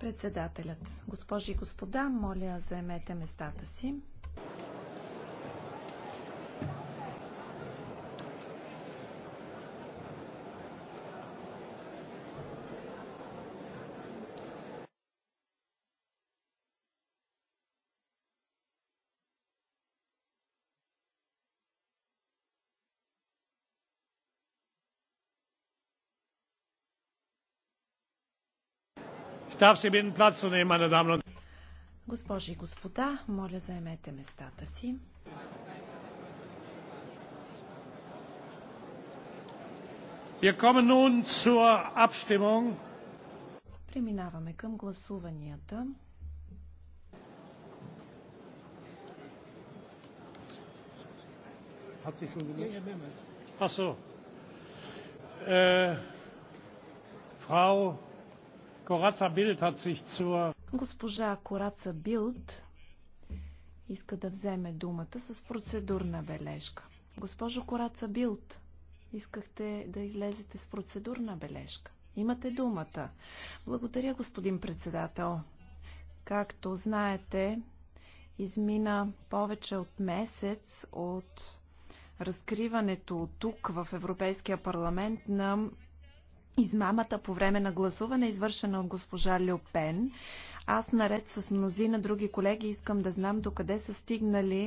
Председателят. Госпожи и господа, моля заемете местата си. Darf Sie bitten Platz zu nehmen, meine Damen und Госпожи и господа, моля заемете местата си. Wir kommen nun zur Abstimmung. Преминаваме към гласуванията. Hat sich schon gelöst? Ach so. Äh, Frau Госпожа Кораца Билд иска да вземе думата с процедурна бележка. Госпожо Кораца Билд, искахте да излезете с процедурна бележка. Имате думата. Благодаря, господин председател. Както знаете, измина повече от месец от разкриването тук в Европейския парламент на измамата по време на гласуване, извършена от госпожа Люпен. Аз наред с мнозина други колеги искам да знам докъде са стигнали